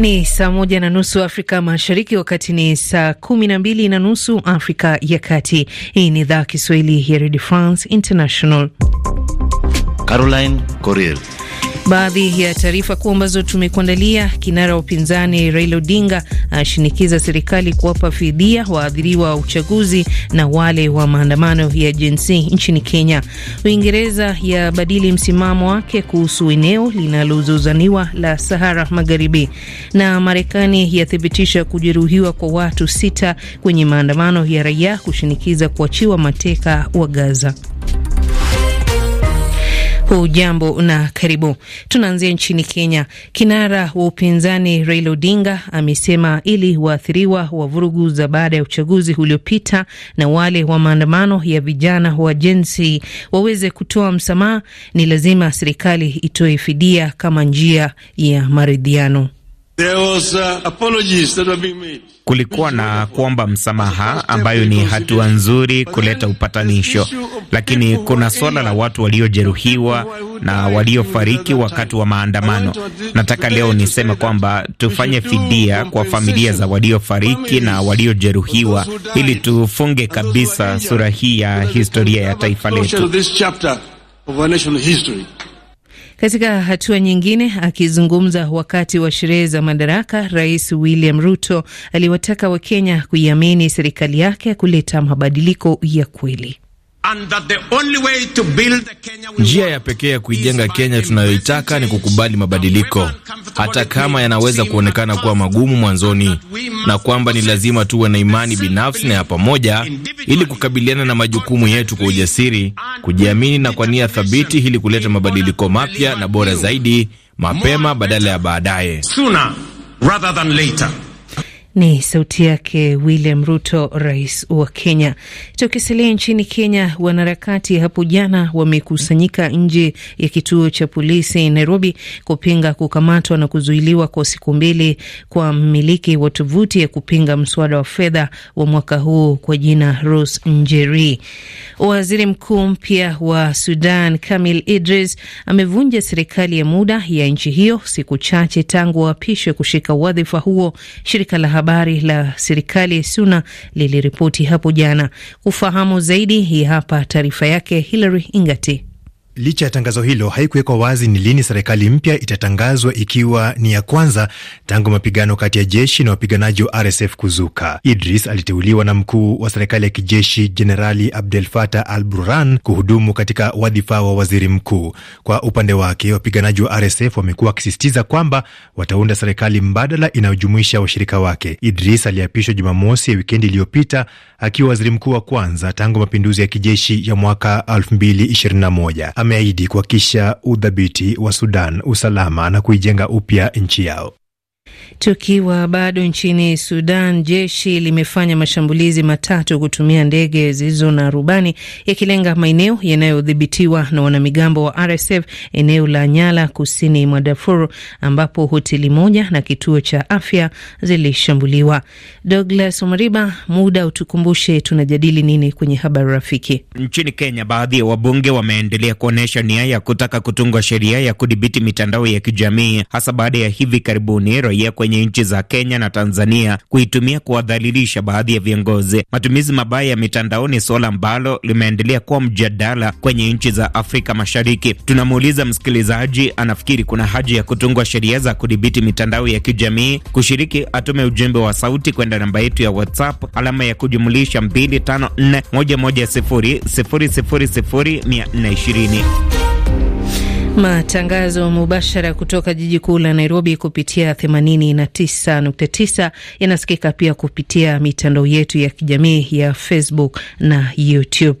Ni saa moja na nusu Afrika Mashariki, wakati ni saa kumi na mbili na nusu Afrika ya Kati. Hii ni idhaa Kiswahili ya Redio France International. Caroline Coril Baadhi ya taarifa kuu ambazo tumekuandalia: kinara wa upinzani Raila Odinga ashinikiza serikali kuwapa fidia waathiriwa wa uchaguzi na wale wa maandamano ya jinsia nchini Kenya. Uingereza yabadili msimamo wake kuhusu eneo linalozozaniwa la Sahara Magharibi, na Marekani yathibitisha kujeruhiwa kwa watu sita kwenye maandamano ya raia kushinikiza kuachiwa mateka wa Gaza. Hujambo na karibu. Tunaanzia nchini Kenya. Kinara wa upinzani Raila Odinga amesema ili waathiriwa wa vurugu za baada ya uchaguzi uliopita na wale wa maandamano ya vijana wa jensi waweze kutoa msamaha, ni lazima serikali itoe fidia kama njia ya maridhiano. Uh, Kulikuwa na kuomba msamaha ambayo ni hatua nzuri kuleta upatanisho, lakini kuna suala la watu waliojeruhiwa na waliofariki wakati wa maandamano. Nataka leo niseme kwamba tufanye fidia kwa familia za waliofariki na waliojeruhiwa, ili tufunge kabisa sura hii ya historia ya taifa letu. Katika hatua nyingine, akizungumza wakati wa sherehe za madaraka, Rais William Ruto aliwataka Wakenya kuiamini serikali yake kuleta mabadiliko ya kweli. Njia ya pekee ya kuijenga Kenya tunayoitaka ni kukubali mabadiliko, hata kama yanaweza kuonekana kuwa magumu mwanzoni, na kwamba ni lazima tuwe na imani binafsi na ya pamoja ili kukabiliana na majukumu yetu kwa ujasiri, kujiamini na kwa nia thabiti, ili kuleta mabadiliko mapya na bora zaidi, mapema badala ya baadaye, sooner rather than later. Ni sauti yake William Ruto, rais wa Kenya. Tukisalia nchini Kenya, wanaharakati hapo jana wamekusanyika nje ya kituo cha polisi Nairobi kupinga kukamatwa na kuzuiliwa kwa siku mbili kwa mmiliki wa tovuti ya kupinga mswada wa fedha wa mwaka huu kwa jina Rose Njeri. Waziri mkuu mpya wa Sudan Kamil Idris amevunja serikali ya muda ya nchi hiyo siku chache tangu waapishwe kushika wadhifa huo, shirika la habari la serikali SUNA liliripoti hapo jana. Kufahamu zaidi, hii hapa taarifa yake Hilary Ingati. Licha ya tangazo hilo, haikuwekwa wazi ni lini serikali mpya itatangazwa, ikiwa ni ya kwanza tangu mapigano kati ya jeshi na wapiganaji wa RSF kuzuka. Idris aliteuliwa na mkuu wa serikali ya kijeshi Jenerali Abdel Fattah al Burhan kuhudumu katika wadhifa wa waziri mkuu. Kwa upande wake, wapiganaji wa RSF wamekuwa wakisisitiza kwamba wataunda serikali mbadala inayojumuisha washirika wake. Idris aliapishwa Jumamosi ya wikendi iliyopita akiwa waziri mkuu wa kwanza tangu mapinduzi ya kijeshi ya mwaka 2021 wameahidi kuhakikisha udhabiti wa Sudan, usalama na kuijenga upya nchi yao. Tukiwa bado nchini Sudan, jeshi limefanya mashambulizi matatu kutumia ndege zilizo na rubani yakilenga maeneo yanayodhibitiwa na wanamigambo wa RSF eneo la Nyala kusini mwa Darfur, ambapo hoteli moja na kituo cha afya zilishambuliwa. Douglas Omariba, muda utukumbushe tunajadili nini kwenye habari rafiki. Nchini Kenya, baadhi ya wabunge wameendelea kuonyesha nia ya kutaka kutungwa sheria ya kudhibiti mitandao ya kijamii hasa baada ya hivi karibuni raia kwenye kwenye nchi za Kenya na Tanzania kuitumia kuwadhalilisha baadhi ya viongozi. Matumizi mabaya ya mitandaoni, suala ambalo limeendelea kuwa mjadala kwenye nchi za Afrika Mashariki. Tunamuuliza msikilizaji, anafikiri kuna haja ya kutungwa sheria za kudhibiti mitandao ya kijamii? Kushiriki atume ujumbe wa sauti kwenda namba yetu ya WhatsApp alama ya kujumulisha 2541100000420. Matangazo mubashara kutoka jiji kuu la Nairobi kupitia 89.9 yanasikika pia kupitia mitandao yetu ya kijamii ya Facebook na YouTube.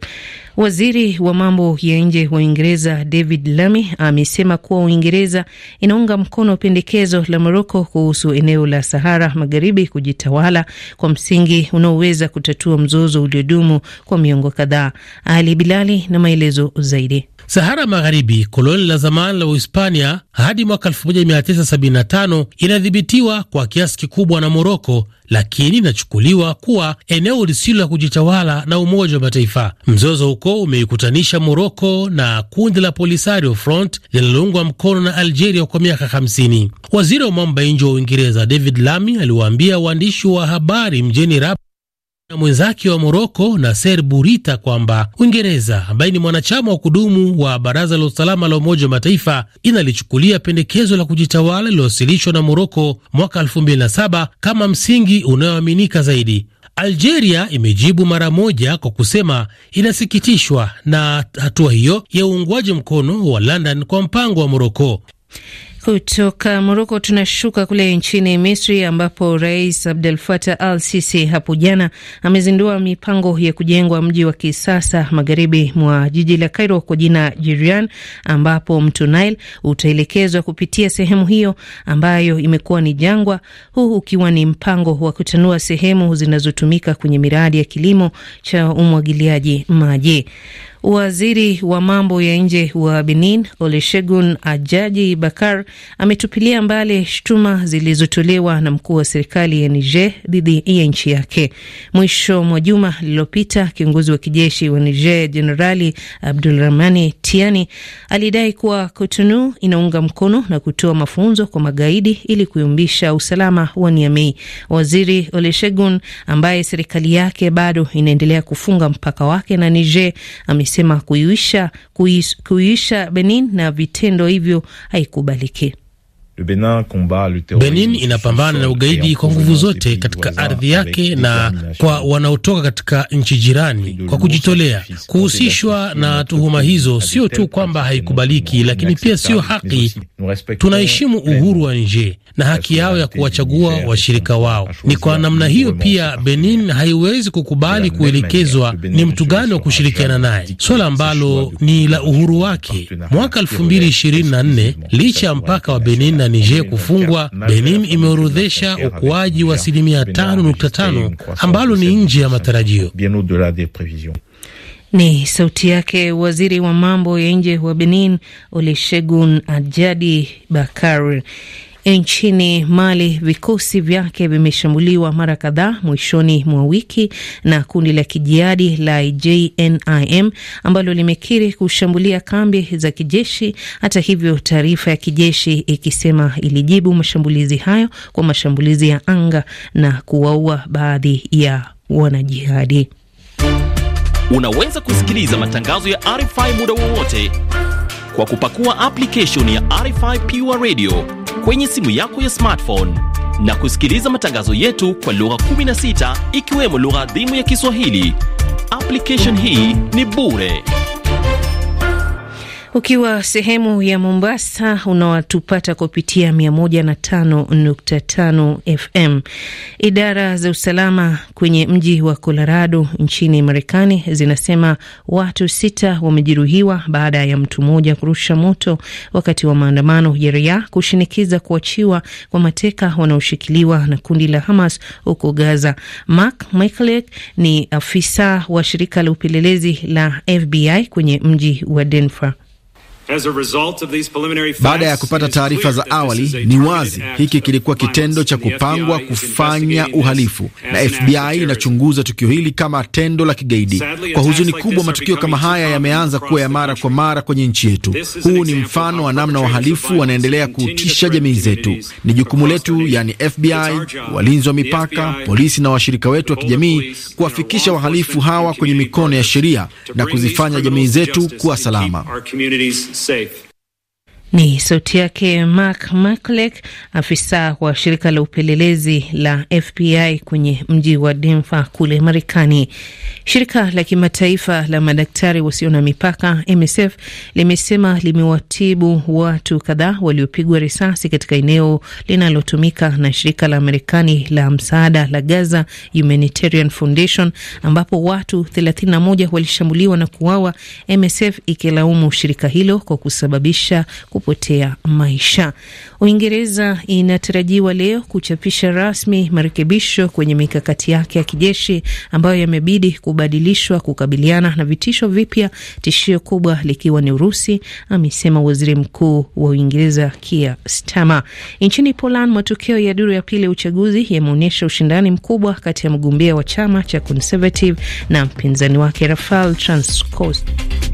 Waziri wa mambo ya nje wa Uingereza David Lammy amesema kuwa Uingereza inaunga mkono pendekezo la Moroko kuhusu eneo la Sahara Magharibi kujitawala kwa msingi unaoweza kutatua mzozo uliodumu kwa miongo kadhaa. Ali Bilali na maelezo zaidi. Sahara Magharibi, koloni la zamani la Uhispania hadi mwaka 1975, inadhibitiwa kwa kiasi kikubwa na Moroko, lakini inachukuliwa kuwa eneo lisilo la kujitawala na Umoja wa Mataifa. Mzozo huko umeikutanisha Moroko na kundi la Polisario Front linaloungwa mkono na Algeria kwa miaka 50. Waziri wa mambo ya nje wa Uingereza David Lamy aliwaambia waandishi wa habari mjini Rabat na mwenzake wa Moroko ser Burita kwamba Uingereza ambaye ni mwanachama wa kudumu wa Baraza la Usalama la Umoja wa Mataifa inalichukulia pendekezo la kujitawala lililowasilishwa na Moroko mwaka 2007 kama msingi unaoaminika zaidi. Algeria imejibu mara moja kwa kusema inasikitishwa na hatua hiyo ya uungwaji mkono wa London kwa mpango wa Moroko. Kutoka Moroko tunashuka kule nchini Misri ambapo Rais Abdel Fattah al Sisi hapo jana amezindua mipango ya kujengwa mji wa kisasa magharibi mwa jiji la Cairo kwa jina Jirian, ambapo mto Nile utaelekezwa kupitia sehemu hiyo ambayo imekuwa ni jangwa, huu ukiwa ni mpango wa kutanua sehemu zinazotumika kwenye miradi ya kilimo cha umwagiliaji maji. Waziri wa mambo ya nje wa Benin oleshegun ajaji Bakar ametupilia mbali shutuma zilizotolewa na mkuu wa serikali ya Niger dhidi ya nchi yake. Mwisho mwa juma lililopita, kiongozi wa kijeshi wa Niger Jenerali Abdulrahmani Tiani alidai kuwa Cotonou inaunga mkono na kutoa mafunzo kwa magaidi ili kuyumbisha usalama wa Niamei. Waziri oleshegun ambaye serikali yake bado inaendelea kufunga mpaka wake na Niger alisema kuiisha Benin na vitendo hivyo haikubaliki. Benin inapambana na ugaidi kwa nguvu zote katika ardhi yake na kwa wanaotoka katika nchi jirani kwa kujitolea. Kuhusishwa na tuhuma hizo sio tu kwamba haikubaliki, lakini pia sio haki. Tunaheshimu uhuru wa nje na haki yao ya kuwachagua washirika wao. Ni kwa namna hiyo pia Benin haiwezi kukubali kuelekezwa ni mtu gani wa kushirikiana naye, swala ambalo ni la uhuru wake. Mwaka 2024 licha ya mpaka wa Benin na Niger kufungwa, Benin imeorodhesha ukuaji wa asilimia 5.5 ambalo ni nje ya matarajio. Ni sauti yake waziri wa mambo ya nje wa Benin Olusegun Ajadi bakari Nchini Mali, vikosi vyake vimeshambuliwa mara kadhaa mwishoni mwa wiki na kundi la kijiadi la JNIM ambalo limekiri kushambulia kambi za kijeshi. Hata hivyo, taarifa ya kijeshi ikisema ilijibu mashambulizi hayo kwa mashambulizi ya anga na kuwaua baadhi ya wanajihadi. Unaweza kusikiliza matangazo ya RFI muda wowote kwa kupakua application ya RFI Pure Radio kwenye simu yako ya smartphone na kusikiliza matangazo yetu kwa lugha 16 ikiwemo lugha adhimu ya Kiswahili. Application hii ni bure. Ukiwa sehemu ya Mombasa unawatupata kupitia 105.5 FM. Idara za usalama kwenye mji wa Colorado nchini Marekani zinasema watu sita wamejeruhiwa baada ya mtu mmoja kurusha moto wakati wa maandamano ya raia kushinikiza kuachiwa kwa mateka wanaoshikiliwa na kundi la Hamas huko Gaza. Mark Michaelek ni afisa wa shirika la upelelezi la FBI kwenye mji wa Denver. Baada ya kupata taarifa za awali, ni wazi hiki kilikuwa kitendo cha kupangwa kufanya uhalifu, na FBI inachunguza tukio hili kama tendo la kigaidi. Kwa huzuni kubwa, matukio kama haya yameanza kuwa ya mara kwa mara kwenye nchi yetu. Huu ni mfano wa namna wahalifu wanaendelea kutisha jamii zetu. Ni jukumu letu, yani FBI, walinzi wa mipaka, polisi na washirika wetu wa kijamii, kuwafikisha wahalifu hawa kwenye mikono ya sheria na kuzifanya jamii zetu kuwa salama. safe. Ni sauti yake Mark Maclek, afisa wa shirika la upelelezi la FBI kwenye mji wa Denver kule Marekani. Shirika la kimataifa la madaktari wasio na mipaka MSF limesema limewatibu watu kadhaa waliopigwa risasi katika eneo linalotumika na shirika la Marekani la msaada la Gaza Humanitarian Foundation, ambapo watu 31 walishambuliwa na kuawa, MSF ikilaumu shirika hilo kwa kusababisha kupotea maisha. Uingereza inatarajiwa leo kuchapisha rasmi marekebisho kwenye mikakati yake ya kijeshi ambayo yamebidi kubadilishwa kukabiliana na vitisho vipya, tishio kubwa likiwa ni Urusi, amesema waziri mkuu wa Uingereza Keir Starmer. Nchini Poland, matokeo ya duru ya pili ya uchaguzi yameonyesha ushindani mkubwa kati ya mgombea wa chama cha Conservative na mpinzani wake Rafal Trzaskowski.